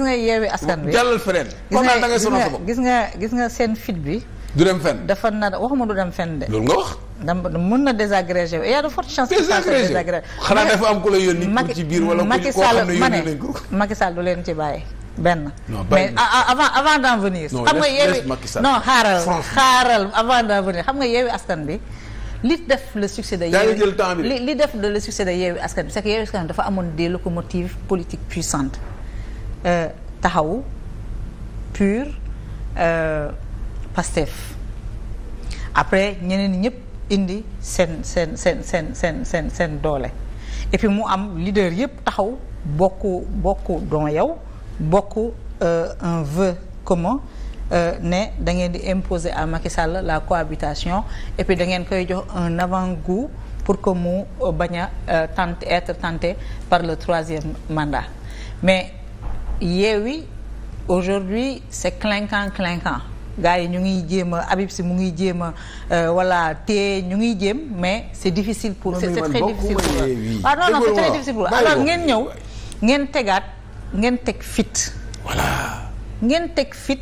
gis nga yeewi bi jàllal feneen. gis nga gis nga seen fit bi. du dem fenn dafa nar waxuma du dem fenn de. loolu nga wax. dama na désagrégé y a de fortes chances. désagrégé xanaa dafa am ku la yónni. Macky ci biir wala ku koo xam ne yónni nañ du leen ci bàyyi. benn mais avant avant d'en venir. xam nga yeewi non xaaral xaaral avant d'en venir xam nga yeewi askan bi. li def le succès de yeewi li def le succès de yeewi askan bi c'est que yeewi askan dafa amoon des locomotives politiques puissantes. Eh, taxaw pur eh, Pastef après ñeneen ñëpp indi seen seen seen seen seen seen seen doole et mu am leader yëpp taxaw bokk bokk don yow bokk eh, un vœu commun ne da ngeen di imposer à Macky Sall la cohabitation et puis da ngeen koy jox un navant goût pour que mu bañ a tenter être tenté par le troisième mandat mais Yewwi aujourd'hui c'est clinquant clinquant gars yi ñu ngi jéem a Habib mu ngi jéema a euh, voilà te ñu ngi jéem mais c'est difficile pour ah, c'est très difficile c'est très difficile pour alors ngeen ñëw ngeen tegaat ngeen teg fit ngeen teg fit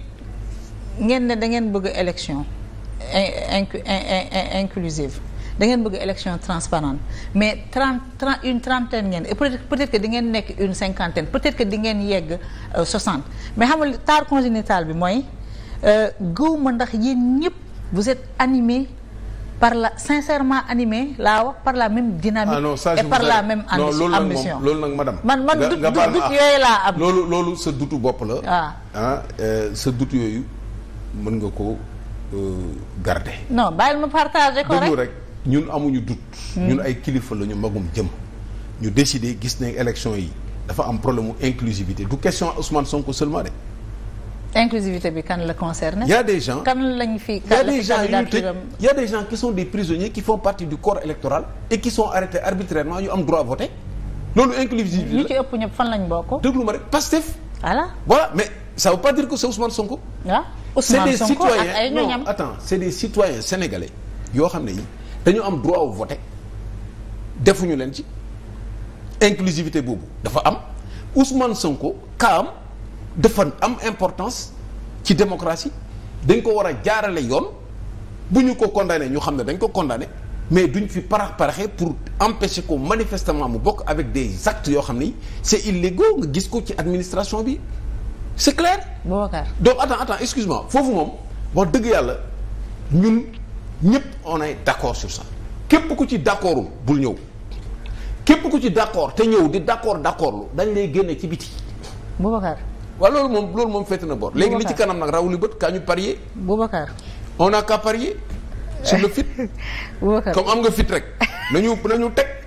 ngeen ne da ngeen bëgg élection inclusive dangeen bëgg élection transparente mais trente trente une trentaine ngeen peut peut-être di ngeen nekk une cinquantaine peut-être que di ngeen yegg euh, soixante mais xam nga tare congénital bi mooy euh, ma ndax yéen ñëpp vous êtes animés par la sincèrement animé laa wax par la même dynamique. Ah non, ça, et par la même ambition loolu nag madame. man man dut dut yooyu laa am. loolu loolu sa dutu bopp la. waaw ah. ah, euh, sa dutu yooyu mën nga ko garder. non bàyyil ma partager ko rek. ñun amuñu dut hmm. ñun ay kilifa la ñu magum jëm ñu décider gis ne élection yi dafa am problème mu inclusivité du question Ousmane Sonko seulement de. inclusivité bi kan la concerné. y a des gens kan lañ fi. kan la fi candidature y a des qui sont des prisonniers qui font partie du corps électoral et qui sont arrêtés arbitrairement ñu am droit voter loolu inclusivité la ci ëpp ñëpp fan lañ bokk. déglu ma rek Pastef. voilà voilà mais ça veut pas dire que c'est Ousmane Sonko. waaw ah, Ousmane Sonko ak ay ñoñam c'est des citoyens non attends c'est des yoo xam ne yi. dañu am droit wu vote defuñu leen ci inclusivité boobu dafa am Ousmane Sonko kaam dafa am importance ci démocratie dañ ko war a jaarale yoon bu ñu ko condamné ñu xam ne dañ ko condamné mais duñ fi parax paraxee pour empêcher ko manifestement mu bokk avec de actes yoo xam ni c'est légo nga gis ko ci administration bi c'est clair. Boubacar donc attends attends excuse foofu moom wax dëgg yàlla ñun. ñëpp on est d'accord sur ça képp ku ci d'accordul bul ñëw képp ku ci d'accord te ñëw di d'accord d'accordlu dañ lay génne ci biti. Boubacar. waaw loolu moom loolu moom féete na boor. léegi li ci kanam nag rawu li bët kaa ñu parier. Boubacar. on a qu'à parier. sur le fit. comme am nga fit rek na ñu teg.